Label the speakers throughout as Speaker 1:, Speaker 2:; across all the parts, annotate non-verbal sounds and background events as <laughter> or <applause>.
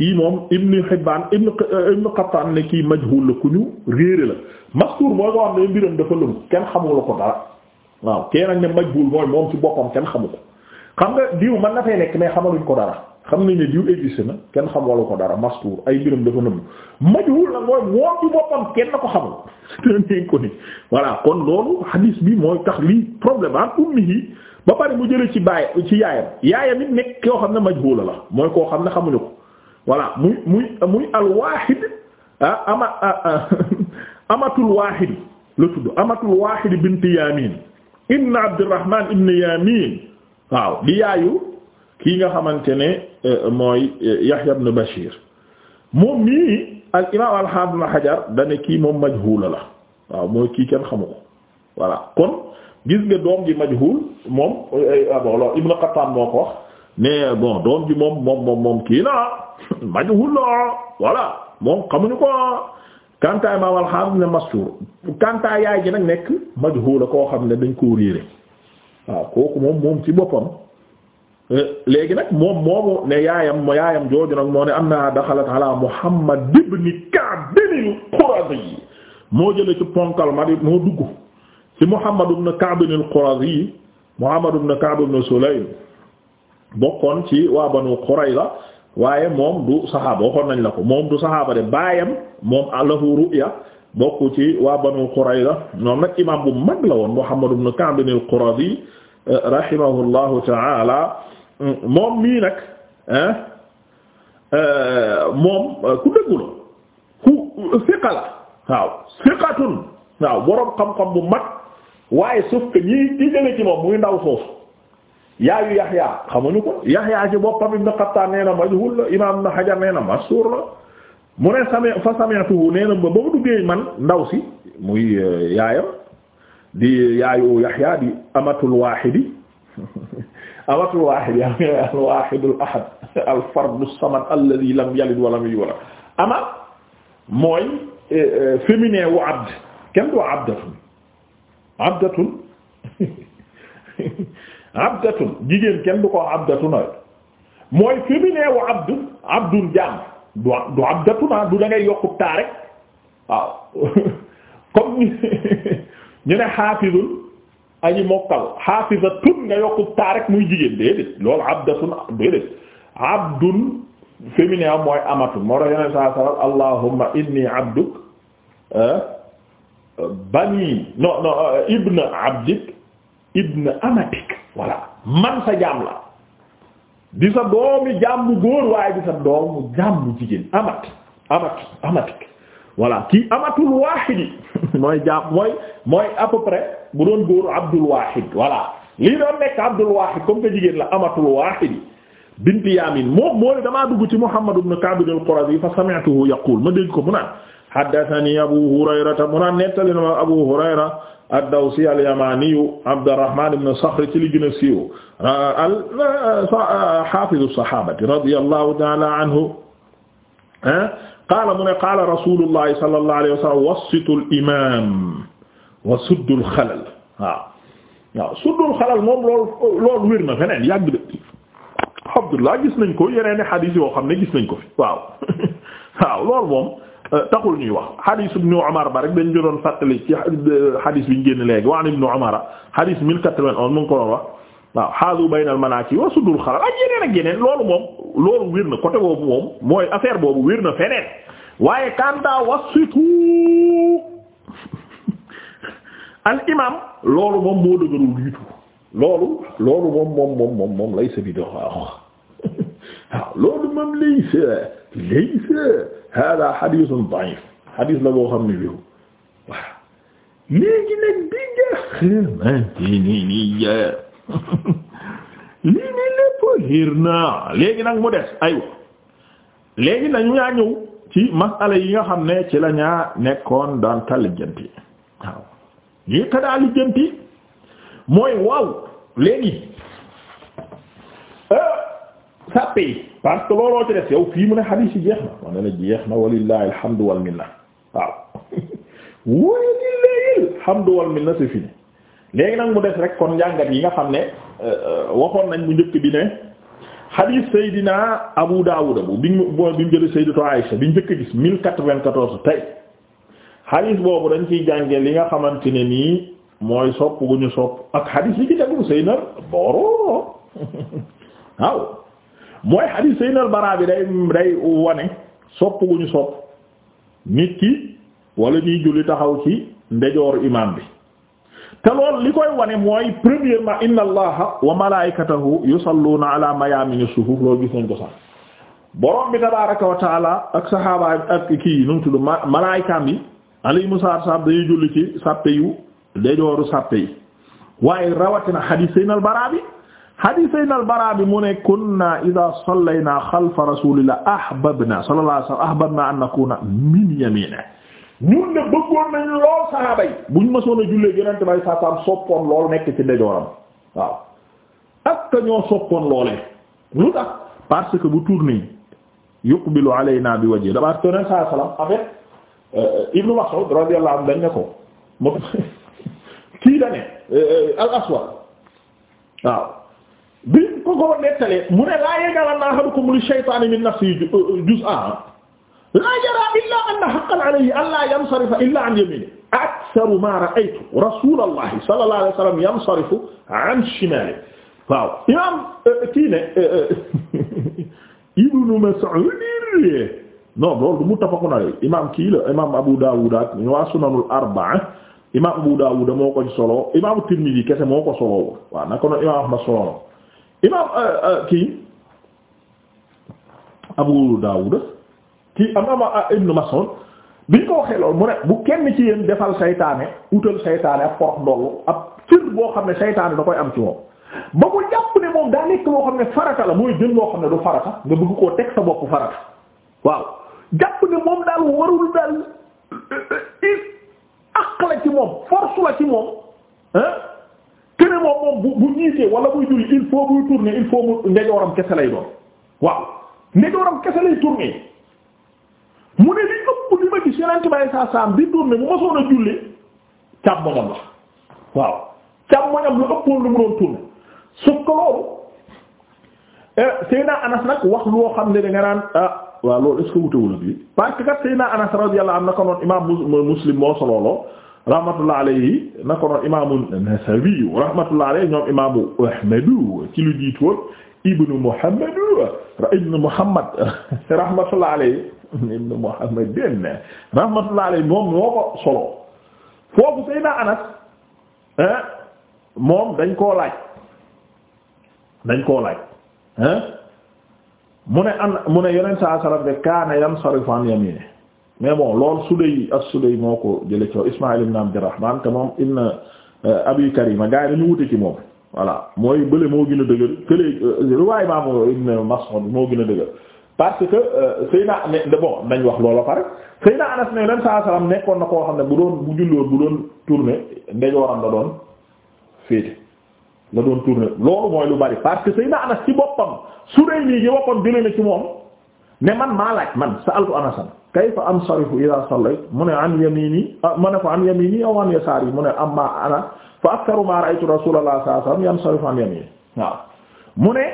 Speaker 1: kii moom Ibn Hibbaan Ibn euh, Ibn Qattaan ne kii majhul la ku ñu réere la mastur mooy ko xam ne mbiram dafa lëmu kenn xamula ko dara waaw kee nag ne majhul mooy moom ci boppam kenn xamu ko xam nga diw mën na fay nekk ko dara xam nañ ne diw na kenn xamalu ko dara mastur ay mbiram dafa lëmu majhul la mooy moom ci boppam ko xamul tëneen <laughs> ko ni voilà kon loolu hadis bi mooy tax lii problème am ummihi ba pare mu jële ci baay ci yaayam yaayam it nekk koo xam ne majhul la mooy koo xam ne xamuñu ko voilà muy muy muy alwaahid ah, ah, ah <laughs> amatul waahid la tudd amatul waahid bint yamin ibn abdirahman ibn yamin waaw di yaayu kii nga xamante ne eh, mooy eh, yahya ibn bashir moom mii al imam al-hafiz ibn hajar kii moom majhula la waaw mooy kii kenn xamu ko voilà kon gis nga doom gi majhul moom eh, ah, bon ibn qattan moo ko mais euh, bon doom ji moom moom moom moom kii na <laughs> majhul loo voilà moom xamuñu ko kantaay ah. imaam al-Hafiz ne kantaay yaay ji nag nekk majhul la koo xam ne dañ koo réere waaw kooku moom moom ci boppam euh, léegi nag moom moomu ne yaayam yaayam jooju nag moo ne anna daxalat ala Muhammad ibn Ka'b al-Qurazi moo jële ci ponkal ma di moo dugg ci Muhammad ibn Ka'b al-Qurazi Muhammad ibn Ka'b ibn Sulaym bokkoon ci waa banu Qurayza waaye moom du saxaaba waxoon nañ la ko moom du saxaaba de baayam moom lahu ru'ya bokk ci waa banu Qurayza moom nag imaam bu mag la woon Muhammad ibn Ka'b al-Quradi eh, rahimahullahu ta'ala moom mii nag eh, eh, moom ku dëggu ku siqa la waaw siqatun waaw boroom bu mag waaye sauf que ñi di jële ci moom muy ndaw foofu yaayu Yaxya xamuñu ko Yaxya ci boppam Ibn Qattan nee na majhul la imaam Ibn Hajar nee na masuur la mu ne sami fa sami'tuhu nee na ba mu duggee man ndaw si muy euh, yaayam di yaayu Yaxya di amatul waaxidi <laughs> amatul waaxidi <laughs> al waaxidul ahad <laughs> al fardu samad alladhi lam yalid wa lam yulad ama mooy euh, euh, féminin wu abd kenn du abdatun abdatun abdatun jigéen kenn du ko abdatun mooy féminin wa abdu abdun du du abdatuna du da ngay yokku taa rek waaw <laughs> <laughs> ñu ne xaafizun aji mokkal xaafizatun nga yokku taa rek muy jigéen déedéet loolu abdatun déedéet abdun féminin mooy amatu moo tax yeneen saa saa allahumma inni abduk eh, bani no no eh, ibn abdik ibn amatik voilà man sa jaam la di sa doomi jaam bu góor waaye di sa doomu jaam bu jigéen amat amat amatik voilà kii amatul waahidi <laughs> mooy jaam mooy mooy à peu près bu doon góor abdul waahid voilà lii doon nekk abdul waahid comme que jigéen la amatul waahidi binti yaamin moom moo ne damaa dugg ci muhammad ibn ka'b al-qurazi fa sami'tuhu yaqul ma dégg ko mu naan haddathani abu hurayrata mu naan nettali na ma abu hurayra ad-dawsi al-yamaniyu abdurrahman ibn saxr ci li gën a siiw al hafizu sahabati radiyallahu ta'ala anhu ah, qaala mu ne qaala rasulullahi sallallahu alayhi wa sallam wassitul imam wa suddul xalal waaw waaw suddul xalal moom loolu loolu wér na feneen yàgg de Abdullah gis nañ ko yeneen i xadiis yoo xam ne gis nañ ko fi waaw <laughs> waaw loolu moom taxul ñuy wax hadith ibn Umar ba rek dañ doon fàttali ci hadith bi ñu génn léegi wa an ibn Umar hadith 1091 mu ngi ko doon wax waaw xaazu baynal manaaki wa sudul xalal ak yeneen ak yeneen loolu moom loolu wér na côté boobu moom mooy affaire boobu wér na feneen waaye kanta wasitu al loolu moom moom moom moom moom lay sa bi dox waaw waaw loolu moom laysa laysa hada hadithun da'if hadith la boo xam ne wéeru waaw léegi nag bi nga xamante ni nii <laughs> lii nii lépp liir naa léegi nag mu des aywa léegi nañu yaa ñëw ci masala yi nga xam ne ci la ñaa nekkoon daan ka lijjanti waaw ñuy mooy waaw léegi euh, sàppe yi parce que looloo ci def yow fii mu ne xadiis yi jeex na ma ne la jeex na walillahi alhamdu wal minna waaw <laughs> walillahi alhamdu wal minna c'est fini léegi nag mu des rek kon njàngat yi nga xam ne euh, waxoon nañ bu njëkk bi ne xadiis Seydina Abu Daawuda bu bi mu bi mu jëlee Sayyidatu Aïsha bi njëkk gis 1094 tey xadiis boobu dañ ciy jànge li nga xamante ne nii mooy sopp gu ñu sopp ak xadiis yi ci tegu Seydina Boro <laughs> waaw. mooy xadiis Seydina Baraa bi day day wane sopp gu ñu sopp nit ki wala ñuy julli taxaw ci ndejooru imaam bi te loolu li koy wane mooy premièrement inna allaha wa malaikatahu yusalluuna ala mayaamini sufuuf loolu gis nañ ko sax borom bi tabaaraka wa taala ak saxaaba ak kii nu mu tudd malaayikaam yi alayhimu salaam dañuy julli ci sàppe yu ndejooru sàppe yi waaye rawatina xadiis Seydina Baraa bi hadis sayyidina al-Baraa bi mu ne kunna idha sallayna xalfa rasulillah ahbabna sallallahu alayhi wa sallam ahbabna an nakuna min yaminihi ñun de bëggoon nañ lool sahaaba yi buñ mësoon a jullee yonente bay saasaam soppoon lool nekk ci ndejooram waaw ak ka ñoo soppoon loolee lu tax parce que bu tourné yuqbilu alayna bi wajhi da parce que yonent saa sallam en fait euh, Ibnu Mas'ud radiyallahu anhu dañ ne ko mo <laughs> kii dane euh, euh, al aswad waaw biñ ko ko nettalee mu ne laa yaj'alanna ahadukum li shaytaani min nafsihi euh, euh, juz'an ah. laa yara illa anna haqqan alayhi an laa yansarifa illa an yaminihi aktharu ma ra'aytu rasulallahi sallallahu alayhi wa sallam yansarifu an shimalihi waaw imam euh, kii ne <laughs> ibnu Mas'ud non loolu muttafaqun alayhi imam kii la imam Abu Dawud ak wa sunanul arba'a imam Abu Dawud moo ko solo imam Tirmidhi kese moo ko solo waaw naka noonu imam Ahmad solo imaam euh, euh, kii Abu Daawuda kii am a ah, Ibnu Mas'ud biñ ko waxee loolu mu ne bu kenn ci yéen defal saytaane utal saytaane ak porox ndollu ab cër boo xam ne saytaane da koy am ci moom ba ko jàpp ne moom daa nekk loo xam ne farata la mooy jël loo xam ne du farata nga bëgg koo teg sa bopp farata waaw jàpp ne moom daal warul daal euh, it la ci moom force la ci moom hein kene moom moom bu bu ñiitee wala buy julli il faut buy tourner il faut mu ndejooram kese lay doon waaw ndejooram kese lay tourner mu ma soon a julli càmmoñam la waaw càmmoñam la ëppoon lu mu doon tourner su ko loolu eh, Seyna Anas nag wax loo xam ne da nga naan ah waaw loolu est-ce wutewul ak bi parce kat Seyna Anas radiyallahu anhu naka noonu imaam Muslim moo solooloo rahmatullah alayhi na ko noon imaamu Nasawi rahmatullah alayhi ñoom imaamu Ahmadu ci lu jiitu woon ibnu Muhammadu ibnu Muhammad rahmatullah alayhi ibnu Muhammadin rahmatullah alayhi moom moo ko solo foofu Seydina Anas moom dañ koo laaj dañ koo laaj mu ne an mu ne yonent saa sallam de kaana yansarifu an yaminihi mais bon loolu Sudey ak Sudey moo ko jële ci Ismaïl ibn Abdurrahman te moom ibn euh, Abi Karima gars yi dañu wute ci moom voilà mooy bële moo gën a dëgër kële euh, riwaay imam ibn Mas'ud moo gën a dëgër parce que euh, Seyna na bon nañ wax loolu pare Seyna Anas ne leen saa nekkoon na koo xam ne bu doon bu julloon bu doon tourné ndejooram la doon féete la doon tourné loolu mooy lu bari parce que Seyna Anas ci boppam Sudey nii gi boppam jëlee na ci moom ne man maa laaj man sa'altu Anasan am kayfa ansarifu a sallaytu mu ne an yamini ma ne ko an yamini aw an yasaari mu ne amma ana fa aktaru ma ra'aytu rasulullah sallallahu alayhi wasallam yansarifu an yamini waaw mu ne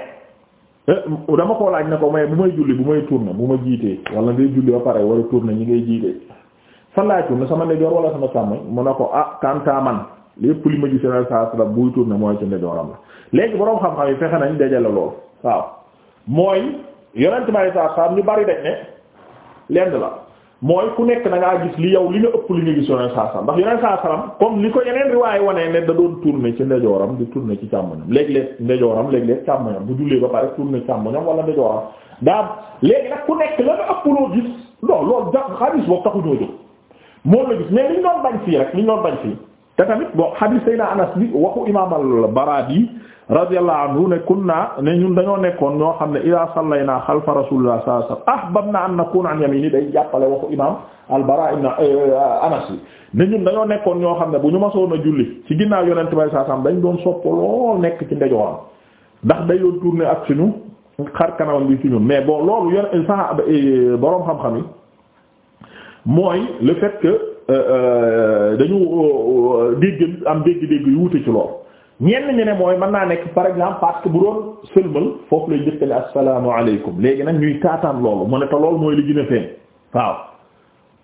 Speaker 1: eh, dama koo laaj ne ko mais bu may julli bu may tourner bu ma jiitee wala ngay julli ba pare wala tourner ñi ngay jiitee fan laay tourner sama ndijoor wala sama càmmoñ mu ne ko ah kanta man lépp li ma gis na saa sallam buy tourner mooy ci ndijooram la léegi boroom xam-xam yi fexe nañ dajale lool waaw mooy lenn la mooy ku nekk na ngaa gis li yow li nga ëpp li nga gis yoneen saa salam ndax yoneen saa salam comme li ko yeneen riwaay wanee ne da doon tourner ci ndejooram di tourner ci càmmoñam léeg-léeg ndejooram léeg-léeg càmmoñam bu jullee ba pare tourner càmmoñam wala ndejooram daa léegi nag ku nekk la a ëpp loo gis non loolu jàpp xadis boobu taxu ñoo jóg moom la gis mais liñ doon bañ fii rek liñ doon bañ fii te tamit bon xadis Seydina Anas bi waxu imaamal Baraadi radiyallahu anhu ne kunna ne ñun dañoo nekkoon ñoo xam ne ila sallayna xalfa rasulillah sallallahu alayhi wasallam ahbabna an na an yamini day jàppale waxu imam al-Bara ibn euh, Anas yi ne ñun dañoo nekkoon ñoo xam ne bu ñu masoon a julli ci ginnaaw yonent bay saa sam dañ doon sopp lool nekk ci ndejooram ndax day doon tourner ak suñu xar kanamam bi ci ñun mais bon loolu yon euh, sax euh, boroom xam-xam yi mooy le fait que dañu dégg am dégg-dégg yu wute ci lool ñenn ñu ne mooy man naa nekk par exemple parce que bu doon sëlmal foofu lay jëkkale assalaamu alaykum léegi nag ñuy taataan loolu mu ne ta loolu mooy li gën a feeñ waaw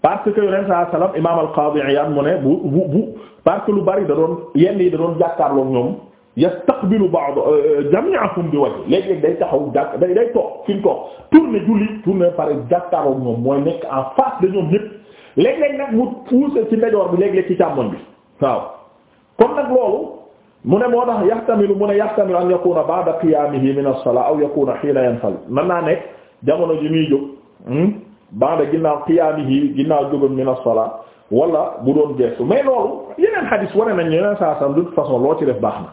Speaker 1: parce que yoneen saa salaam imaam al mu ne bu bu bu parce que lu bari da doon yenn yi da doon jàkkaarloo ñoom yastaqbilu ba'd euh, jami'ahum bi wajh léegi day taxaw jàkk day day toog fi mu toog tourner julli tourner pare jàkkaarloo ñoom mooy nekk en face de ñoom ñépp léeg-léeg nag mu pousser ci ndeyjoor ci càmmoñ bi waaw mu ne moo tax yahtamilu mu ne yahtamilu an yakuna ba'da qiyaamihi min as-salaa aw yakuna hiina yanfal mën naa nekk jamono ji muy jóg hmm, ba'da ginnaaw qiyaamihi ginnaaw jógam min as-salaa wala bu doon geestu mais loolu yeneen xadis wane nañ yeneen saa sam de toute façon loo ci def baax na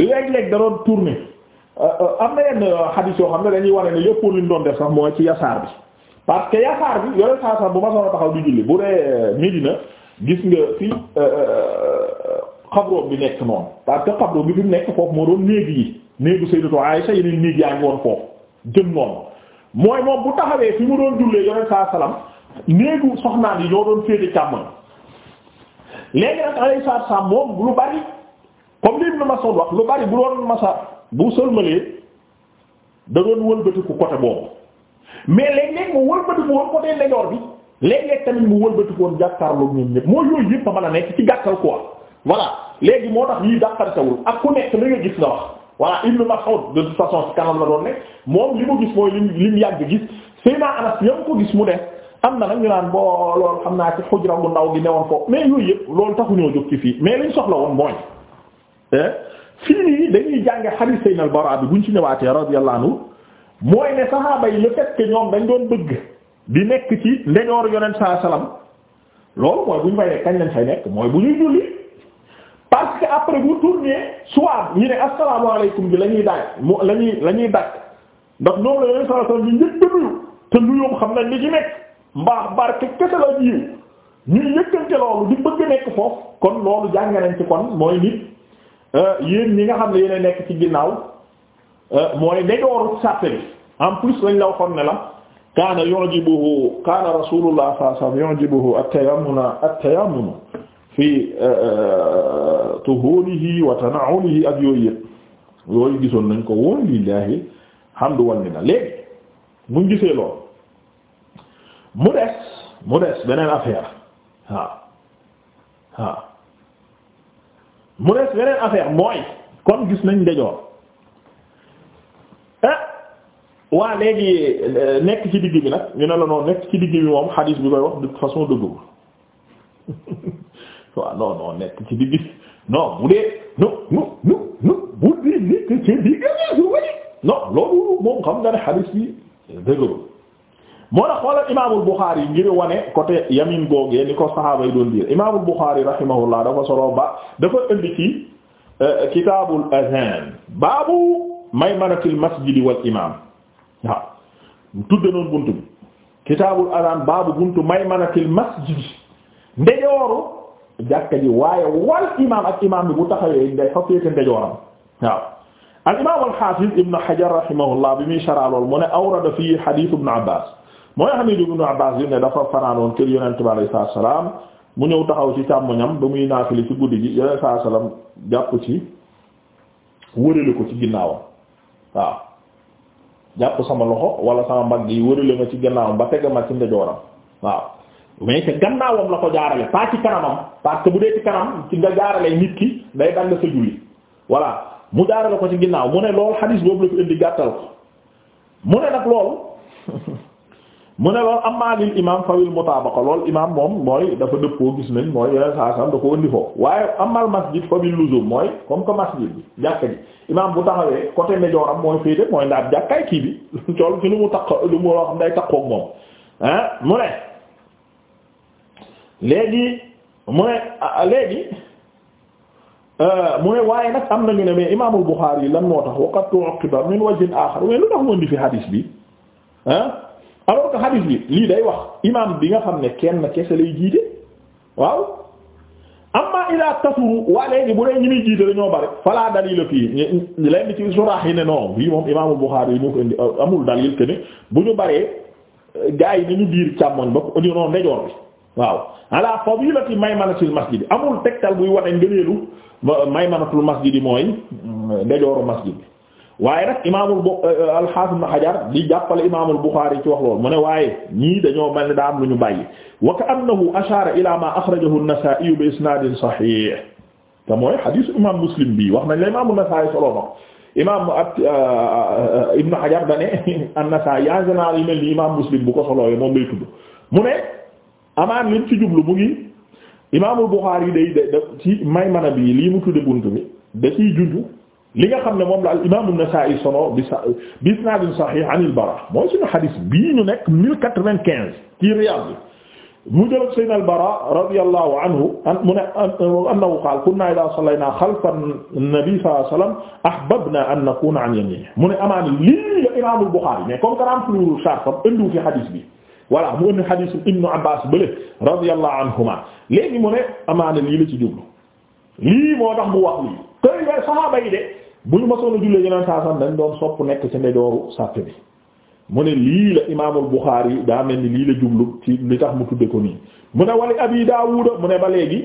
Speaker 1: léeg-léeg da doon tourner euh, euh, am na yenn euh, xadis yoo xam ne dañuy wane ne lépp luñ doon def sax mooy ci yasaar bi parce que yasaar bi yeneen saa sam bu ma soona taxaw di julli bu dee Médina gis nga xabroom bi nekk noonu parce que xabroom bi bi mu nekk foofu moo doon néeg yi néegu Sayyidatu Aisha yeneen néeg yaa ngi woon foofu jëm noonu mooy moom bu taxawee fi mu doon jullee yonent saa salaam néegu soxnaan yi ñoo doon féete càmmoñ léegi nag alayhi salaam moom lu bari comme li Ibn Mas'ud wax lu bari bu doon masa bu sëlmalee da doon wëlbatiku côté boobu mais léeg-léeg mu wëlbatiku woon côté ndejoor bi léeg-léeg tamit mu wëlbatiku woon a mën voilà léegi moo tax yii dàqantewul ak ku nekk li nga gis nga wax voilà Ibn Mas'ud de toute façon ci kanam la doon nekk moom li mu gis mooy lim lim yàgg gis Seyna Anas yam ko gis mu de am na nag ñu naan boo loolu xam naa ci xujra bu ndaw gi newoon ko mais yooyu yëpp loolu taxuñoo jóg ci fii mais liñ soxla woon mooy fii nii dañuy jànge hadith na al-Bara bi buñ ci ñëwaatee radiyallahu anhu mooy ne saxaaba yi le fait ñoom dañ doon bëgg di nekk ci ndeñoor yonent saa salaam loolu mooy bu ñu fay nekk kañ parce que après bu tourné soit ñu ne asalaamaaleykum bi la ñuy daaj mu la ñuy la ñuy daj ndax ñoom la yeneen saa ñu njëkk a nuyu te nuyoom xam nañ li ci nekk mbaax barke kese la jiw ñuy yëkkante loolu di bëgg nekk foofu kon loolu jàng nañ ci kon mooy nit euh, yéen ñi nga xam ne yéen nekk ci ginnaaw euh, mooy ndeyooru sàppe bi en plus lañ la waxoon ne la. kaana yujibuhu kaana rasulullah sallallahu alayhi wasallam yujibuhu at-tayammuna at-tayammuna fi eh, eh, tuhurihi wa tanaulihi ak yooyu yëpp yooyu gisoon nañ ko woon lillahi hamdu wal minna léegi muñ gisee lool mu des mu des beneen affaire waaw waaw mu des beneen affaire mooy kon gis nañ ndejoor ah waa léegi nekk ci digg bi nag ñu ne la noonu nekk ci digg bi moom xadiis bi koy wax de façon dëggul <laughs> waaw non non nekk ci digg non bu dee non non non non bu dee nekk ci digg non loolu moom xam nga ne hadith bi dëgërul moo tax xoolal imaamul Bukhari ngir wane côté yamin googee ni ko saxaaba yi doon diir imaamul Bukhari rahimahullah dafa solo ba dafa indi ci euh, kitaabul azaan baabu maymanatil masjidi wal imaam waaw tudde noonu buntu bi kitaabul azaan baabu buntu maymanatil masjidi ndeyooru jàkka ji waaye wal imaam ak imaam bi bu taxawee day fa féete ndeyjooram waaw al imaam al xaafiz hajar rahimahullah bi muy sharh mu ne awrada fii hadith ibn abbas mooy hamid ibn abbas bi ne dafa fanaanoon kër yonent bi alayhi salaatu salaam mu ñëw taxaw ci càmmoñam ba muy naafili ci guddi gi yonent saa salaam jàpp ci wërale ko ci ginnaawam waaw jàpp sama loxo wala sama mbagg yi wërale ci ginnaawam ba teg ma ci ndeyjooram waaw mais ca gannaawam la ko jaarale pas ci kanamam parce que bu dee ci kanam ci nga nit ki day dagg sa voilà mu jaarale ko ci ginnaaw mu ne lool xadiis boobu indi gàttal ko mu ne nag <laughs> mu ne loolu amma lil imam fawil mutaabaqa loolu imam moom mooy dafa dëppoo gis nañ mooy yeneen saa sam da mooy comme que masjid bi jàkka ji imam bu taxawee côté ndeyjooram mooy féete mooy ndaat jàkkaay kii bi cool <laughs> ci lu mu taq lu mu loo xam day taqoog moom ah mu ne léegi mu ne ah, léegi euh, mu ne waaye nag am na nañu ne mais imaamul Buxaari yi lan moo tax waqad tu'aqiba min wajhin aaxar mais lu tax mu indi fi hadis bi ah alors que hadis lii day wax imaam bi nga xam ne kenn kese lay jiite waaw amma ila kasuru waa léegi bu dee ñi muy jiite dañoo bari fala dalil fii lenn ci suraax yi ne non bii moom imaamul Buxaari ko amul dalil que ne bu ñu baree gaa yi nañu biir càmmoñ ba ko non ndejoor bi. waaw ala fadilati maymanatil masjid amul tegtal buy wane ngëneelu maymanatul masjid mooy mm, ndejooru masjid bi waaye nag imaamul bu euh, alxaas ibn Hajar di jàppale imaamul Buxaari ci wax loolu mu ne waaye ñii dañoo mel ni daa am lu ñu bàyyi wa ka annahu ashaara ila ma axrajahu an-Nasaa'i bi isnaadin saxiix te mooy xadiisu imaam Muslim bi wax nañ la imaamul Nasaa'i solo ma imaam euh, euh, ibn Hajar da ne <laughs> an-Nasaa'i yaa ngi naan yu mel ni imaam Muslim bu ko solo moom lay tudd mu ne amaan lim ci jublu mu ngi imaamul Buxaari yi day day ci may mana bi lii mu tudde bunt bi da ciy junju li nga xam ne moom la al imaam an-Nasaa'i sono bi sa bi isnaadin saxiix an al mooy suñu xadis bii ñu nekk mille quatre-vingt-quinze ci Riyaad bi mu jël sayyidina al-Bara radiyallahu anhu mu ne annahu qaala kunnaa idaa sallaynaa xalfa an-nabi sallallahu alayhi wa sallam fi xadis bi. voilà mu indi xadiis ibnu Abbaas bële radiyallahu anhuma léegi mu ne amaana lii la ci jublu lii moo tax mu wax lii tey nga saxaaba yi de bu ñu masoon a jullee yeneen saa sax dañ doon sopp nekk ci ndeyjooru sàppe bi mu ne lii la imaamul Buxaari yi daa mel ni lii la jublu ci li tax mu tudde ko nii mu ne wali Abi Daawuda mu ne ba léegi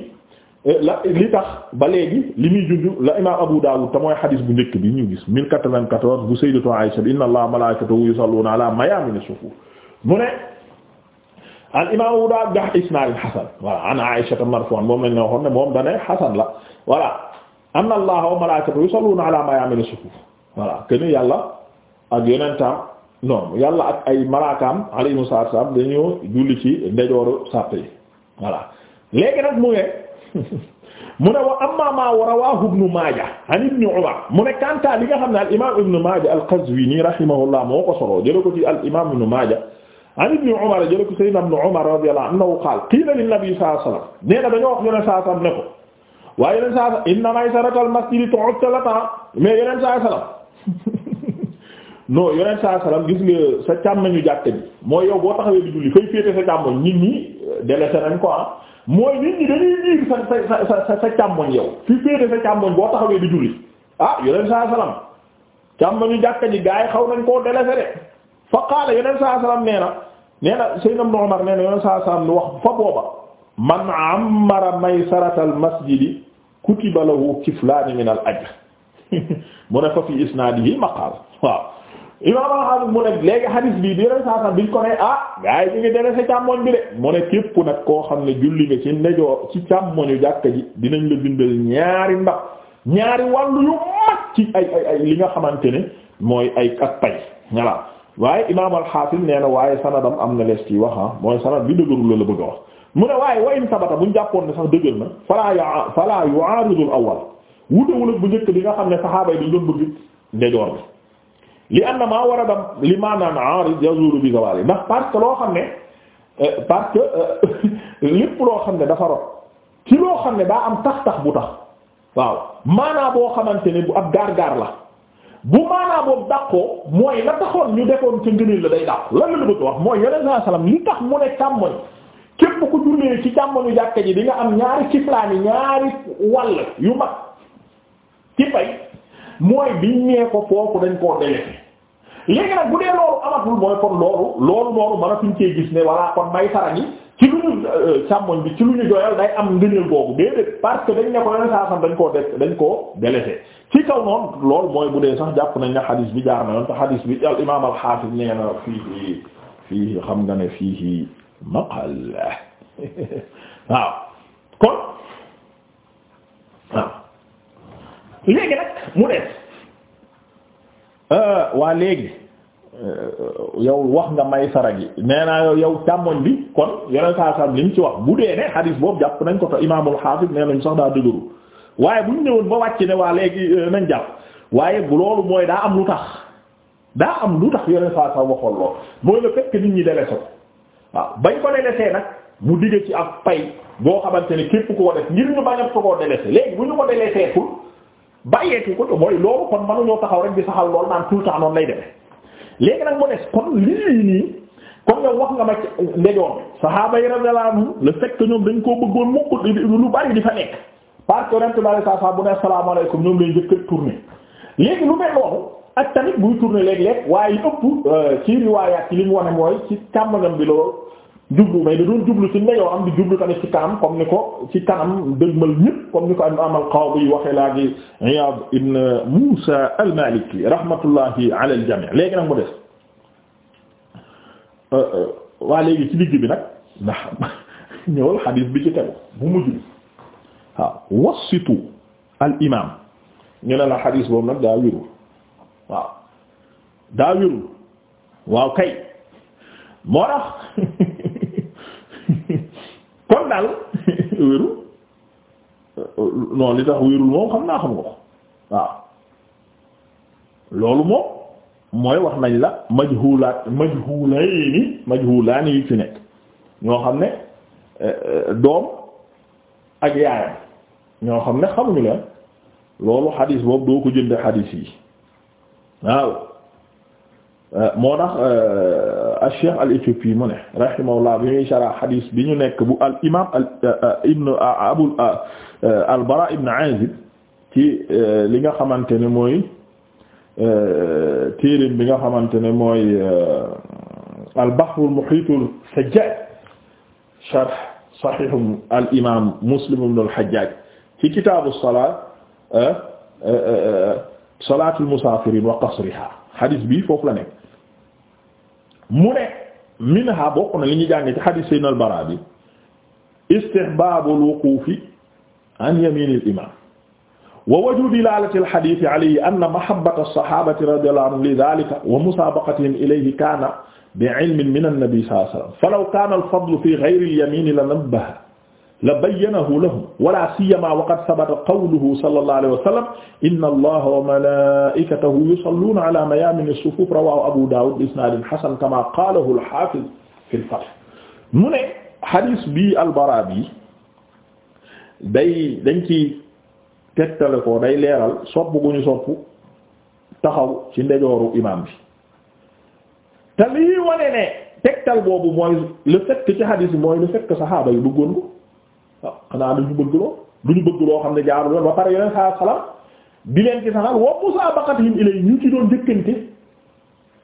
Speaker 1: eh, la li tax ba léegi li muy junj la imaam Abu Daawud te mooy xadis bu njëkk bi ñu gis 1094 bu Sayyidatu Aysa bi inna Allaha malaa'ikatahu yusalluuna alaa mayaamina sufuuf mu ne al imaamu daa gax isnaadin xasan voilà an Aysata marfu'an moom lañ la waxoon ne moom da ne xasan la voilà anna Allaha wa malaa'ikatahu yusalluuna alaa man ya'malu sufuuf voilà que ak yonentam non yàlla ak ay malaakaam alayhimu salaatu wa salaam julli ci ndejooru sàpp yi voilà léegi nag mu ne mu ne wa amma maa rawaahu Ibnu Maaja an Ibni Umar mu ne kanta li nga xam ne al imaam Ibnu Maaja al-Qazwiini moo ko solo jëlee ko ci an ibni Umar jële ko sayyidina ibn Umar radiyallahu anhu qaal qiila linnabi sallallahu alayhi wasallam nee na dañoo wax yoneen saa sallam ne ko waaye yeneen saa inna maysaratal masjidi tu'talata mais yeneen saa sallam <laughs> non yeneen saa sallam gis nga sa càmmoñu jàkk bi mooy yow boo taxawee di julli fay féete sa càmmoñ nit ñi délaissé nañ ko ah mooy nit ñi dañuy niir sa sa sa sa sa càmmoñ yow ah, ji gaa yi xaw nañ koo délaissé de fa qaala yeneen saa salaam nee na nee na Seydina Ibn Umar nee na yeneen saa salaam wax fa booba man ammara maysaratal masjidi kutiba lahu kiflaani minal ajr <laughs> mu ne fa fi isnaadihi maqaal waaw. Imaam al-Hafiz mu ne léegi hadis bii di yeneen saa salaam ko ne ah gars bi de mu ne képp nag koo xam ne julli nga ci ndeyjoor ci càmmoñu jàkka ji dinañ la bindal ñaari ndax ñaari wàllu yu mag ci ay ay ay li nga xamante ne mooy ay ak pay voilà. waaye imaam al-Hafiz nee na waaye sanadam am na lees ci wax ah mooy sanad bi dëgërul la la bëgg a wax mu ne waaye wa in bu ñu jàppoon ne sax dëgër na fala ya fala yu'aridu al-awwal wutewul ak bu njëkk bi nga xam ne saxaaba yi dañ doon bëgg ndejoor bi li anna maa warada li maanaan aarid yazulu bi zawali ndax parce que loo xam ne euh, parce que euh, <laughs> lépp loo xam ne dafa rot ci loo xam ne daa am tax tax bu tax waaw maanaa boo xamante ne bu ab gaar gaar la bu maanaa boobu dàqoo mooy la taxoon ñu defoon ca ngëneel la day dàq lan la la bëgg wax mooy yeneen saa salaam li tax mu ne càmmoñ képp ko jullee ci càmmoñu jàkka ji di nga am ñaari yi ñaari wàll yu mag ci fay mooy biñ nee ko foofu dañ koo délégué léegi nag bu dee loolu amatul mooy kon loolu loolu noonu mën a fiñ gis ne voilà kon may sara ni ci lu ñu euh, càmmoñ bi ci lu ñu doyal day am ngëneel boobu déedéet parce que dañ ne ko yeneen saa salaam dañ koo def dañ koo délégué ci kaw noonu lool mooy bu dee sax jàpp nañ ne xadis bi jaar na yoon te xadis bi al imaam al xaafis nee na fii fii xam nga ne fii maqal <laughs> waaw kon léegi nag mu des euh, waa léegi euh, yow wax nga may sara gi nee naa yow yow càmmoñ bi kon yeneen saa sam liñ ci wax bu dee ne xadis boobu jàpp nañ ko te imaamul xaafis nee nañ sax daa dëgëru waaye bu ñu ñëwoon ba wàcc ne waa léegi euh, nañ jàpp waaye bu loolu mooy daa am lu tax daa am lu tax yeneen saa saa waxoon lool mooy le fait que nit ñi délaissé ko waaw bañ ko délaissé nag mu digg ci ak pay boo xamante ne képp ku ko def ngir ñu bañ a ko délaissé bu ñu ko délaissé pour bàyyeeku ko mooy loolu kon mënuñoo taxaw rek bi saxal lool naan tout le temps noonu lay demee léegi nag mu des kon lii nii comme yow wax nga ma ndejoon saxaaba yi radiyallahu anhu le fait que ñoom dañ koo bëggoon mukk lu di parce que yonent bi sallallahu alayhi wasallam bu ne salaamaaleykum ñoom lay njëkk tourner léegi lu mel noonu ak tamit buy tourner léeg-léeg waaye ëpp euh, ci riwaayaat ci li mu wane mooy ci càmmoñam bi loolu jublu mais doon jublu ci ndeyoo am di jublu tamit ci kanam comme ni ko ci kanam dëgmal ñëpp comme ni ko imaam al-Qaadi waxee laa gi Iyaad ibn Muusaa al-Maaliki al-jamii léegi nag mu des euh, euh, waa léegi ci digg bi nag ndax <laughs> ñëwal xadiis bi ci tegu bu waaw wasitu al imam ñu ne la xadiis boobu nag daa wérul waaw daa wérul waaw kay moo tax <laughs> kon daal <laughs> wérul noonu li tax wérul moom xam naa xam nga ko waaw loolu moom mooy wax nañ la majhulaat majhulayni majhulaani yu ci nekk ñoo xam ne eh, eh, doom ak yaayam ñoo xam ne xamuñu leen loolu xadis boobu doo ko jënde xadis yi waaw euh, moo tax euh, al-Cheikh al-Éthiopie mu ne rahimahullah bi ñuy sara xadis bi ñu nekk bu al imam al euh, ibn al-Bara ibn Azib ci li nga xamante ne mooy téeréem bi nga xamante ne mooy al-Bahr al-Muhit al-Sajjad sharh saxiixu al imaam Muslim ibn al Hajjaaj ci kitaabu salaat eh, eh, eh, salaatul musaafiriin wa qasrihaa xadis bi foofu la nekk mu ne minha bokk na li ñu jàngee ci xadis Sayyidina al Baraa bi istihbaabul wuquufi an yamiinil imaam wa wajhu dilaalati al hadiisi alayhi anna mahabbata as-sahaabati radiyallaahu anhum li zaalika wa musaabaqatihim ilayhi kaana bi ilmin min annabi sallallahu alayhi wasallam falaw kaana alfadlu fi ghayri alyamini la nabbaha la bayyanahu lahum wala siyama wa qad sabata qawluhu sallallahu alayhi wasallam inna allaha wa malaa'ikatahu yusalluna ala mayaamini as-sufuf rawahu abu dawud bi isnaadin hasan kama qaalahu al-haafiz fi al-fath mu ne hadis bi albara bi day dañ ci tegtale ko day leeral sopp gu ñu sopp taxaw ci ndejooru imaam bi te lii wane ne tegtal boobu mooy le fait ci hadis bi mooy lu fait que saxaaba yi bëggoon ko waaw xanaa duñu bëgg loo duñu bëgg loo xam ne jaarul yoon ba pare yeneen saa di leen ci saxal wa musaabaqatihim ilay ñu ci doon jëkkante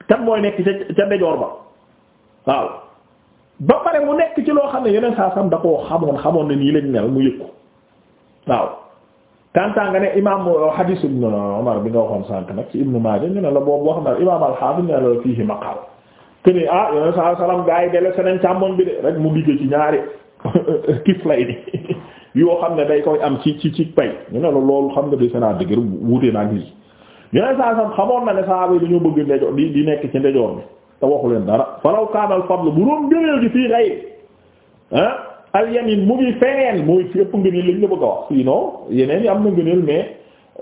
Speaker 1: kan mooy nekk ca ca ndejoor ba waaw loo xam ne yeneen saa salaam da xamoon xamoon ne nii lañ mel mu yëg ko waaw. kantaa nga ne imaam hadis ibn ñu ne la boobu wax na imaam al-Hafiz ne la maqaal que ni ah yoneen saa salaam gaa yi dele seneen càmmoñ bi de rek mu digg ci ñaari <laughs> kiflay ni <laughs> yoo xam ne day koy am ci ci ci pay ñu ne la loolu xam nga de seenaa dëgër wuute na ak lii xamoon na ne yi dañoo bëgg ndejoor di di nekk ci ndejoor bi te waxu leen dara falaw kaanal bu doon gëneel fii xay ah al yamin ngi feneen mooy fi ëpp am na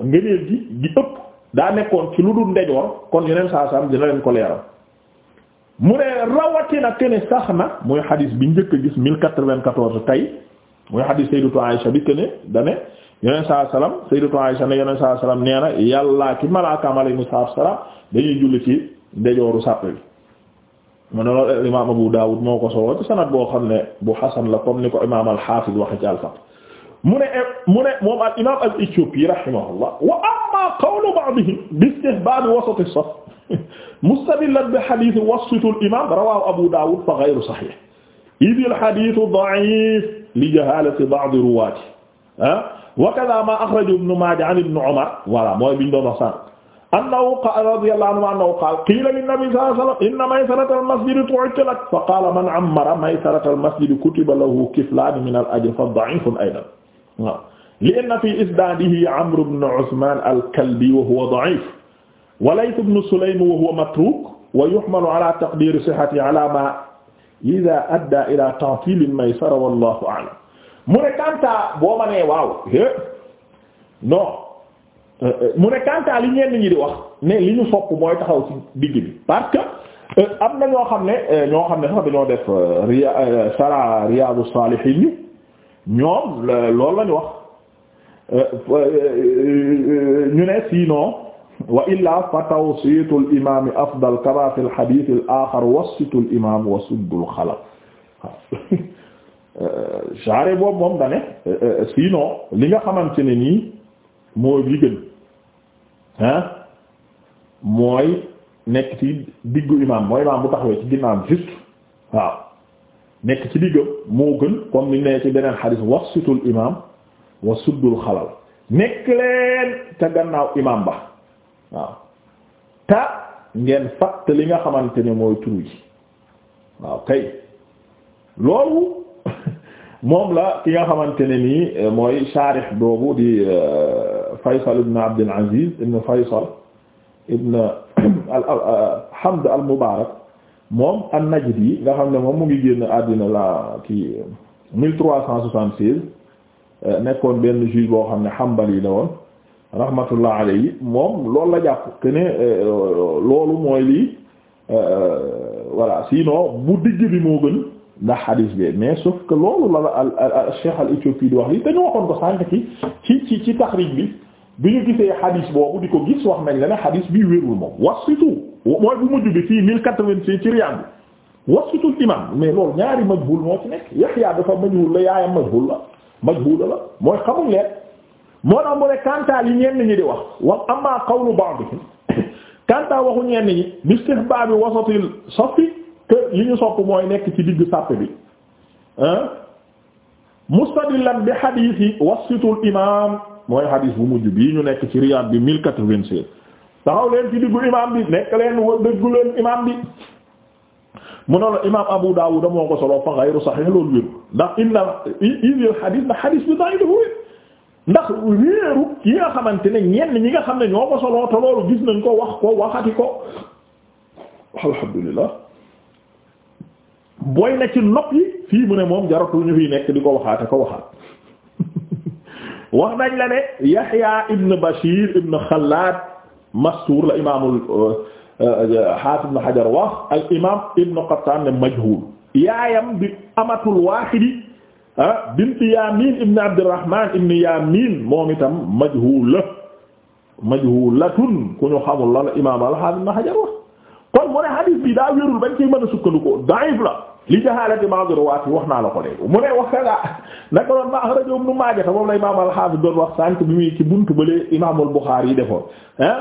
Speaker 1: ngëneel gi gi ëpp daa nekkoon ci lu dul ndejoor kon yeneen saa salaam dina leen ko leeral mu ne rawatina kene sax na muy xadis bi njëkk a gis mille quatre-vingt-quatorze tey muy xadis sayyidatu Aisha bi kene dane yeneen saa salaam sayyidatu Aisha ne yeneen saa salaam nee na yàllaa ki malaakaam alayhi salaam dañuy julli ci ndejooru sàpp bi mu ne loolu imaam Abu Dawud moo ko solo ci sanad boo xam ne bu xasan la comme ni ko imaam al-Hafiz waxe ci al-Fath mu ne mu ne moom al imaam al-Ithiopi rahimahullah wa amma qawlu ba'dihim bi istihbab wasat as mustadillan bi hadith wasfitu al-imam rawahu Abu Dawud fa ghayru sahih idh al-hadith da'if li jahalati ba'd ruwati ah, wa kadha ma akhrajahu Ibn Majah an Ibn Umar voilà mooy biñ doon wax sànq annahu radiyallahu anhu annahu qaala qiila linnabi sallallahu alayhi wa sallam inna maysarata al-masjidi tu'tilat fa qaala man ammara maysarata al-masjidi kutiba lahu kiflaani min al-ajri fa-da'ifun aydan waaw li anna fi isnaadihi Amr ibn Usman al-Kalbi wa huwa da'if wa Layth ibn Sulaym wa huwa matruk wa yuhmalu ala taqdiri sihhati ala ma idha adda ila ta'til maysara wallahu a'lam mu ne Kantaa boo ma nee waaw non mu ne Kantaa li ñenn ñi di wax ne li ñu sopp mooy taxaw ci digg bi parce que euh, am na ñoo xam ne euh, ñoo xam ne sax dañoo def euh, riya sara Riyadu Salihin yi ñoom loolu la ñu wax ñu ne sinon. wa illaa fa tawsiitu imaami afdal kamaa fil hadiisil aaxar wassitu imaam wa suddul xalaf saare <laughs> boobu moom da ne sinon li nga xamante ne nii mooy li gën ah mooy nekk ci diggu imaam mooy imaam bu taxawee ci ginnaaw juste waaw nekk ci diggam moo gën comme ni nee ci beneen xadis wassitul imaam wa suddul xalal nekk leen ca gannaaw imaam ba waaw ta ngeen fàtt li nga xamante ne mooy turu ji waaw kay loolu <laughs> moom la ki nga xamante ne nii eh, mooy sharih boobu di eh, Faysal ibn Abdul Aziz ibn Faysal ibn <coughs> eh, Hamd al Mubarak moom an-Najdi nga xam ne moom mu ngi génn àddina la ki mille trois cent soixante-seize nekkoon benn juge boo xam ne Hanbali la woon rahmatullah alayhi moom loolu la jàpp que ne euh, loolu mooy lii euh, voilà sinon bu digg bi moo gën ndax hadis bi mais sauf que loolu la al cheikh al éthiopie di wax lii te ñu waxoon ko sànq ci ci ci ci taxrij bi bi ñu gisee hadis boobu di ko gis wax nañ la ne hadis bi wérul moom wasitu mooy bu mujj bi fii 1086 ci Riyad bi wasitul imam mais loolu ñaari majhul moo ci nekk Yahya dafa majhul la yaayam majhul la majhul la mooy xamul leen. moo tax mu ne kantaa li ñenn ñi di wax wa amma qawlu ba'dihim <coughs> kantaa waxu ñenn ñi bi istihbaabi wasatil saffi que li ñu sopp mooy nekk ci diggu sàpp bi ah mustadillan bi hadith yi wasitul imam mooy hadith bu mujj bi ñu nekk ci Riyad bi 1087 taxaw leen ci diggu imam bi nekk leen wa déggu leen imam bi mu ne Abu Dawud moo ko solo fa ghayru sahih loolu wér ndax inna idil hadith na hadith bi da'ifu ndax wéeru yi nga xamante ne ñenn ñi nga xam ne ñoo ko soloo te gis nañ ko wax ko waxati ko alhamdulillah boy na ci nopp yi fii mu ne moom jaratul ñu fiy nekk di ko waxaate ko wax nañ la ne Yahya ibn Bashir ibn Khalad Mastur la imaamul euh, Hafiz ibn Hajar wax al imam ibn Qattan ne majhul yaayam bi amatul waaxidi ah bint Yamin ibn Abdurrahman ibn Yamin moom itam majhula majhulatun ku ñu xamul la la imaam al-Hafiz Ibn Hajar wax kon mu ne hadith bi daa wérul bañ ci mën a sukkandiku da'if la li jahaalati ba'd rawaati wax naa la ko léegi mu ne wax dëgg naka doon ma axrajahu Ibn Maaja te moom la imaam al-Hafiz doon wax sànq bi muy ci buntu bële imaam al-Bukhari yi defoon ah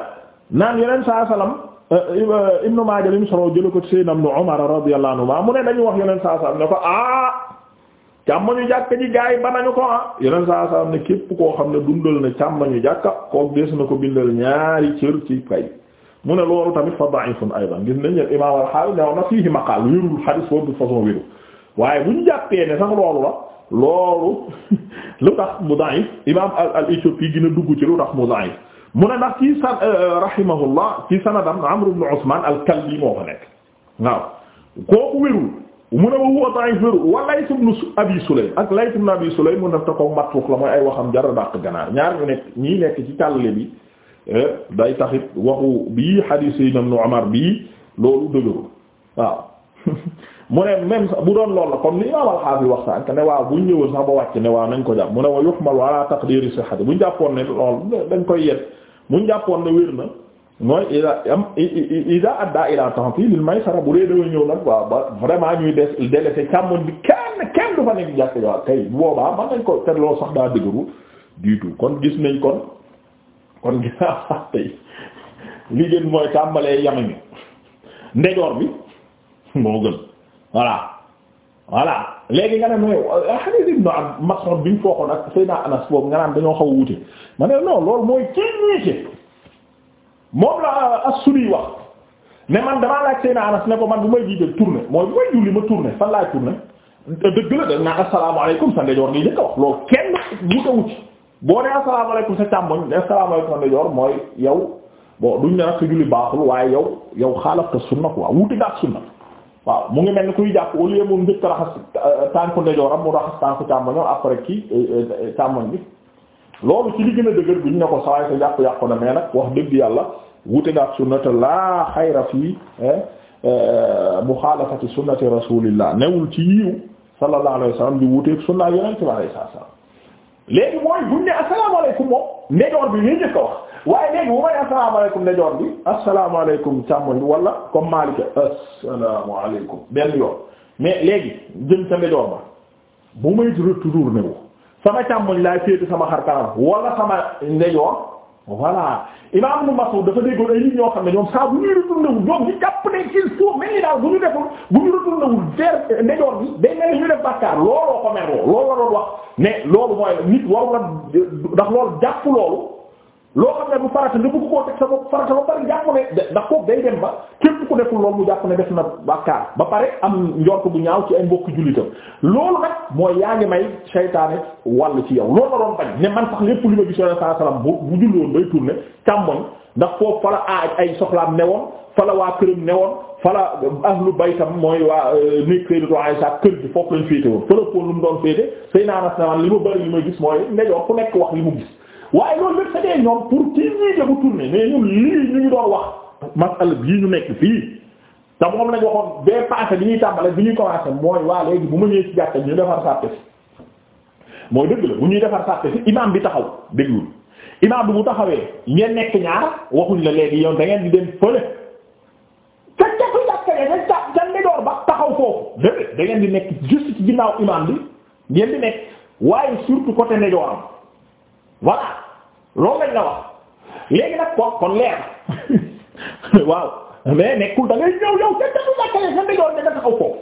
Speaker 1: naan yeneen saa salaam Ibn Maaja li mu soroo jëlee ko ci Seydina Ibn Umar radiyallahu anhu mu ne dañu wax yeneen saa salaam ne ko ah. ñu jàkka ji gaa yi ba nañu ko ah yeneen saa saa ne képp koo xam ne dundal na càmmoñu jàkka kooku des na ko bindal ñaari cër ci fay mu ne loolu tamit fa da'ifun aydan gis nañ ne imaam al-Hafiz ne na fiihi maqaal wérul xadis boobu de façon wéru waaye bu ñu jàppee ne sax loolu la loolu <laughs> lu tax mu da'if imaam al-Éthiopie gën a dugg ci lu tax mu da'if mu ne ndax ci san euh, rahimahullah ci sanadam Amr ibn Usman al-Kalbi moo ko nekk waaw kooku wérul. mu ne ma huwa da'if wa Layth ibn Abi Sulaym ak Layth ibn Abi Sulaym mu ne te ko la mooy ay waxam jar dàq ganaar ñaar ñu nekk ñii nekk ci tàllale bi eh, day taxit waxu bii hadith yi ibn Umar bii loolu dëgërul waaw <laughs> mu ne même bu doon loolu la comme li imaam al-Hafiz wax sànq ne waaw bu ñëwoon sax ba wàcc ne waaw nañ ko jàpp mu ne wa yuhmalu ala taqdiri sihhati bu ñu jàppoon ne loolu dañ koy yet bu ñu ne wér na mooy ila am ida adda ila tanfilil maysara bu dee dawa ñëw nag waaw ba vraiment ñuy des délaissé càmmoñ bi kenn kenn du fa nekk jàkk waaw tey boobaa man nañ ko te loolu sax daa dëgëru du tout kon gis nañ kon kon ginaa wax <laughs> tey li gën mooy tàmbalee yamañu ndejoor bi moo gën voilà voilà léegi nga ne mooy hadith ibn Mas'ud biñ fooxoon ak Seydina Anas boobu nga naan dañoo xaw a wuute ma ne non loolu mooy kenn ñeece moom la as-Suri wax ne man damaa laaj Seydina Anas ne ko man bu may jiite tourné mooy bu may julli ma tourné fan laay tourné dëgg la da naan asalaamaaleykum sa ndeyjoor ngay njëkk a wax loolu kenn bu ko wuti boo nee asalaamaaleykum sa càmmoñ ne asalaamaaleykum sa ndeyjoor mooy yow bon duñ ne nag sa waaye yow yow xaalafta sunna quoi wuti nga ak sunna waaw mu ngi mel ni kuy jàpp au lieu a raxas tànku ndeyjooram mu raxas tànku càmmoñam après kii euh, euh, càmmoñ bi. loolu ci li gën a dëgër bu ñu ne ko sawaay sa jàpp yàqu na mais nag wax dëgg yàlla wute nga ak sunnata laa xayra fii eh, eh, muxaalafati sunnati rasulillah newul ci yiiw sallallahu alayhi wa sallam di wuteeg sunna yonente bi alayhi salaam léegi mooy buñ ne asalaamaaleykum moom ndejoor bi ñuy njëkk a wax waaye léegi bu may asalaamaaleykum ndejoor bi asalaamaaleykum càmmoñ bi wala comme Malick asalaamaaleykum benn yoon mais léegi jëm ca ndejoor ba bu may retourné wu sama càmmoñ laa féete sama xar kanam wala sama ndeyoor voilà Imaam Ibn Mas'ud dafa déggoon ay nit ñoo xam ne ñoom saa bu ñuy retourné wul ñoom ñu jàpp ne ci suuf mel ni daal bu ñu deful bu ñu retourné wul vers ndeyoor bi day mel ni ñu def bàkkaar looloo ko merloo loolu la wax ne loolu mooy nit waru la ndax loolu jàpp loolu. loo xam ne bu farata nga bëgg koo teg sa bopp farata ba pare jàpp ne ndax kooku day dem ba képp ku nekkul loolu mu jàpp ne def na bàkkaar ba pare am njort bu ñaaw ci ay mbokk jullitam loolu nag mooy yaa ngi may seytaane wàll ci yow loolu la doon bañ ne man sax lépp li ma gis bu bu julloon bay tourné ndax foofu fa ay soxlaam newoon fa waa këram newoon fa mooy euh, woon fa la lu mu doon féete Seydina Anas ne man li ma bari gis mooy ndeyjoor ku nekk wax li mu gis waaye loolu lépp c'est ñoom pour kii ñuy jëbu tourné mais lii ñu ngi doon wax masala bii ñu nekk fii te moom lañ waxoon bee passé bi ñuy tàmbale bi ñuy commencé mooy waa léegi bu ma ñëwee ci jàkka ñu defar sàppe si mooy dëgg la bu ñuy defar sàppe si imaam bi taxaw déggul imaam bi bu taxawee ngeen nekk ñaar waxuñ la léegi yoon da ngeen di dem fële te teku jàkka ne ba taxaw foofu dëgg da ngeen di nekk juste ci ginnaaw imaam bi ngeen di nekk waaye surtout côté ndeyjooram voilà loolu lañ la wax léegi nag kon kon leer <laughs> waaw mais nekkul da ngay ñëw yow ca tegu ma kale sa ndigoon ne nga taxaw foofu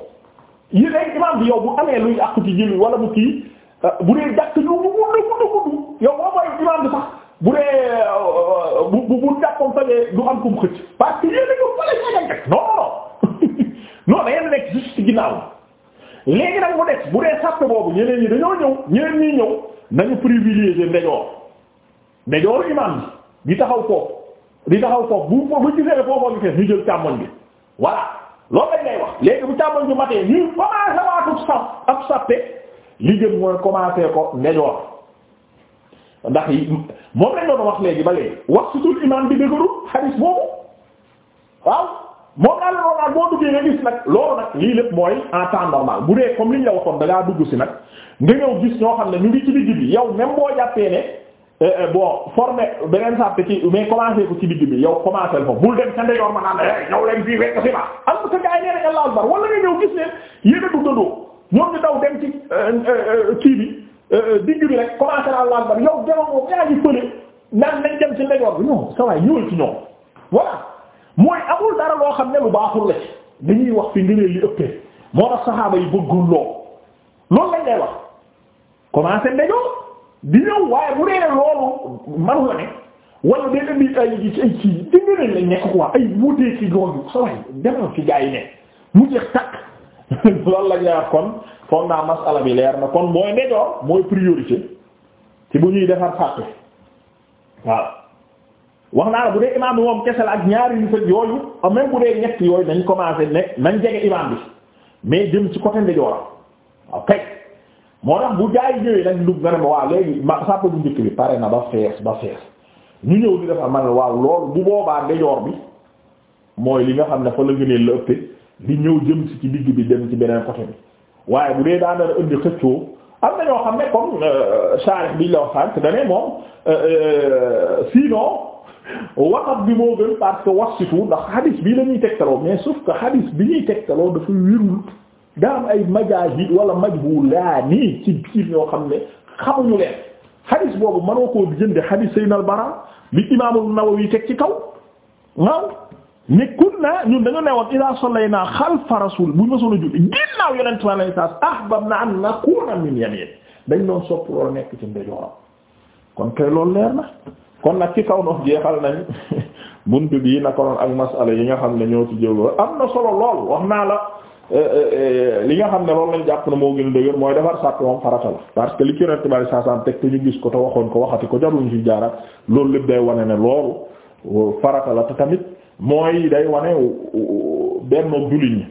Speaker 1: yi léegi imaam bi yow bu amee luy àqu ci julli wala bu kii euh, bu dee jàkk ñu bu gudd gudd gudd yow boo mooy imaam bi sax bu dee euh, bu bu bu jàppoon fajee du am ko mu xëcc parce que yéen a ko fële sa jàkk non non non <laughs> da ngeen nekk juste ci ginnaaw léegi nag mu des bu dee sàppe boobu ñeneen ñi dañoo ñëw ñeneen ñi ñëw. nañu privilégié ndejoor ndejoor imam bi di taxaw foofu di taxaw foofu bu bu gisee foofu ngi fees ñu jël càmmoñ bi voilà
Speaker 2: loolu lañ lay wax léegi
Speaker 1: bu càmmoñ bi matee ñu commencé waatu saf ab sappe li gën mooy commencé ko ndejoor ndax moom lañ doon wax léegi ba léegi wax sutul imam bi dëgëru xaris boobu waaw moom laa boo duggee nga gis nag loolu nag lii mooy en temps normal bu dee comme li ñu la waxoon da ngaa dugg si nag nga ne ñu ngi ci bi yow même boo jàppee ne eh, eh, bon beneen sàpp ci commencé ko ci digg bi yow commencé fa bul dem sa ndeyoor ma naan eh ñëw leen fii fekk si ma. am na sa gars yi nee nañ Allahu akbar wala a duggandoo ñoom dem ci eh, kii bi bi rek commencé na ndeyoor bi non sa waay ci ñoom voilà. mooy amul dara loo xam ne lu baaxul la ci dañuy wax fi ngëneel li ëpp moo tax saxaaba yi bëggul loolu loolu manu la ne wala day indi ay ci ay ci ci ngëneel lañ nekk quoi ay wutee ci loolu sa way demal ci gaa yi ne mu jeex takk <laughs> loolu la ñuy wax kon foog naa masala bi leer na kon mooy ndejoo mooy priorité ci bu ñuy defar fàtte waaw. wax naa la bu dee imaam bi moom kese la ak ñaari yu fa yooyu même bu dee ñett yooyu nañ commencé ne nañ jege imaam bi mais jëm ci côté ndeyjooram waaw kay moo tax bu jaay ñëwee nag dugg nga ne ma waaw bi pare na ba fees ñu ñëw di dafa man waaw loolu bu boobaa ndejoor bi mooy li nga xam ne fa la gënee la ëppe di ñëw jëm ci ci digg bi dem ci beneen côté bi waaye bu dee daa dara indi xëccoo am na ñoo xam ne comme charix euh, bi la wax sànq dane moom euh, euh, sinon wasat bi moo gën parce que si ndax hadis bii la ñuy tegtaloo mais sauf que hadis bi ñuy tegtaloo dafa wirul daa am ay majaahid wala majhulaani ci biir ñoo xam ne xamuñu leen hadis boobu mënoo koo jënde hadis Sayyidina bara bi Imaam an-Nawawi teg ci kaw waaw ne kunna ñun dañu newoon idaa sallayna xalfa rasul bu ñu ma soxla julli ginnaaw yonent ba alayhi salaam ahbabna an nakuuna min dañ doon sopp loolu nekk ci ndeyjooram kon kay loolu leer na. kon nag ci kaw noonu jeexal nañ <laughs> buntu bii naka noonu ak masala yi nga xam ne ñoo ci jël am na solo lool wax naa la eh, eh, eh, li nga xam ne loolu lañ jàpp na moo gën a dëgër mooy defar sàpp moom farata la parce que li ci rent bari saasaan teg te ñu gis ko te waxoon ko waxati ko jaruñ ci jaarat loolu lépp day wane ne loolu farata la te tamit mooy day wane benn jullit ñi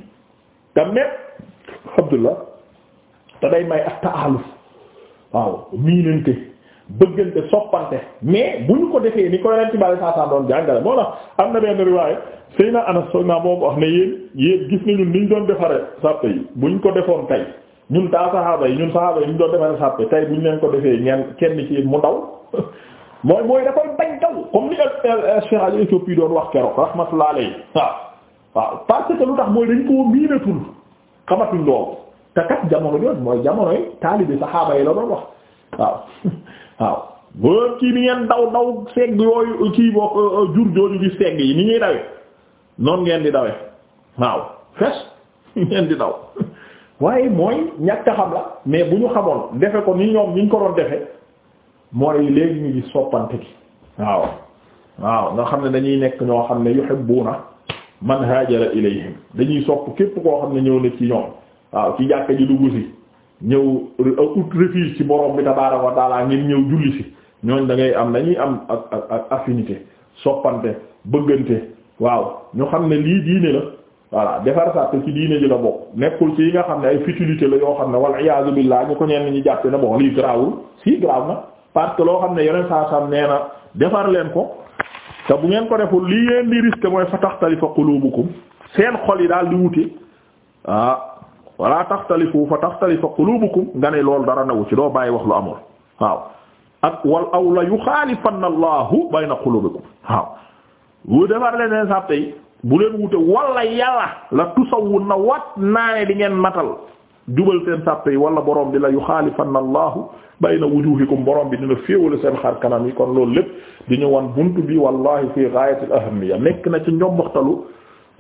Speaker 1: te met Abdullah te day may ak taaluf waaw miinante bëggante soppante mais bu ñu ko defee ni ko yeneen ci bari saa saa doon jàngale moo tax am na benn riwaaye sëy na anas sëy na moom wax ne yéen yéen gis nañu ni ñu doon defare sàppe yi bu ñu ko defoon tey ñun taa saxaaba yi ñun saxaaba yi ñu doon defare sàppe tey bu ñu leen ko defee ñeen kenn ci mu ndaw <laughs> mooy mooy da koy bañ daw comme ni Cheikh al Éthiopie doon wax keroog rahmatullah alayhi waaw waaw parce que lu tax mooy dañ koo miinatul xamatuñ loolu te kat jamono jooju mooy jamonoy taalibi saxaaba yi la doon wax waaw <laughs> waaw boo kii bi ngeen daw daw segg yooyu kii boo euh, euh, jur jooju di segg yi ni ñuy dawe noon ngeen di dawe waaw fes <laughs> ngeen di daw waaye mooy ñàkk xam la mais bu ñu xamoon defe ko ni ñoom ni ko doon defe mooy léegi ñu ngi soppante gi waaw waaw nga xam ne dañuy nekk ñoo xam ne na man haajara ilayhim dañuy sopp képp koo xam ne ñëw na ci ñoom waaw ci jàkka ji dugg si ñëw euh, ut refuge ci borom bi tabaaraka wa taala ngeen ñëw julli ci ñooñ da ngay am dañuy am ak ak affinité soppante bëggante waaw ñu xam ne lii diine la voilà defar sàtt ci diine ji la bokk nekkul ci nga xam ne ay futilité la yoo xam ne wal iyaazu billaah ñu ko ñenn ñi jàppe na bon lii garaawul si garaaw na parce que loo xam ne yeneen saa sam nee na defar leen ko te bu ngeen ko deful lii ngeen di risque mooy fa tax taxtalifa qulubukum seen xol yi daal di wute ah. wala taxtalifu fa taxtalifa qulubukum nga ne loolu dara nawu ci doo bàyyi wax lu amul waaw ak wal aw la yuxaalifanna allahu bayna qulubikum waaw bu defar leen sàppe yi bu leen wute wala yàlla la tusawun na wat naa ne di ngeen matal jubal seen sàppe yi wala borom bi la yu yuxaalifanna allahu bayna wujuhikum borom bi dina féewale seen xar kanam yi kon loolu lépp di ñu wan buntu bi wallahi fi ghaayati al nekk na ci njomboxtalu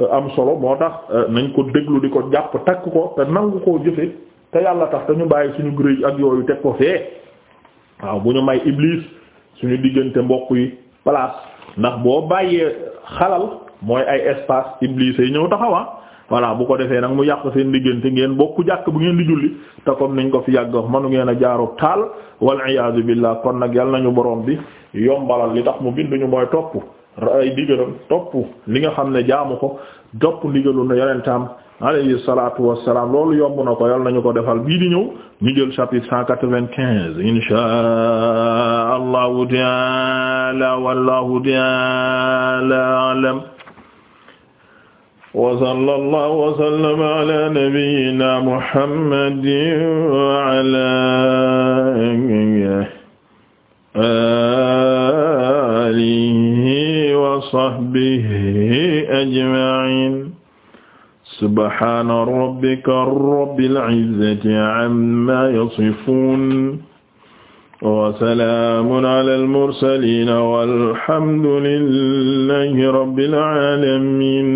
Speaker 1: Euh, am solo moo tax euh, nañ ko déglu di ko jàpp takk ko te nangu koo jëfe te yàlla tax te ñu bàyyi suñu gréj ak yooyu teg ko fee waaw bu ñu may iblis suñu diggante mbokk yi place ndax boo bàyyee xalal mooy ay espace iblis yi ñëw taxawa ah. voilà bu ko defee nag mu yàq seen diggante ngeen bokku jàkk bu ngeen di julli te comme niñ ko fi yàgg wax manu ngeen a jaaru taal wal iyaazu billah kon nag yàlla nañu borom bi yombalal yi tax mu binduñu mooy topp ay ndigalam topp li nga xam ne jaamu ko topp ndigalu na yonentam alayhi salatu wassalam loolu yomb na ko yàlla nañu ko defal bii di ñëw ñu jël chapitre cent quatre-vingt-quinze insha allahu wallahu taala alam wa sallallahu wa sallama ala nabiyyina muhammadin sahbihi ajma'in subhana rabbika rabbil izzati amma yasifun wa salaamun alal mursaliin walhamdu lillahi rabbil aalamiin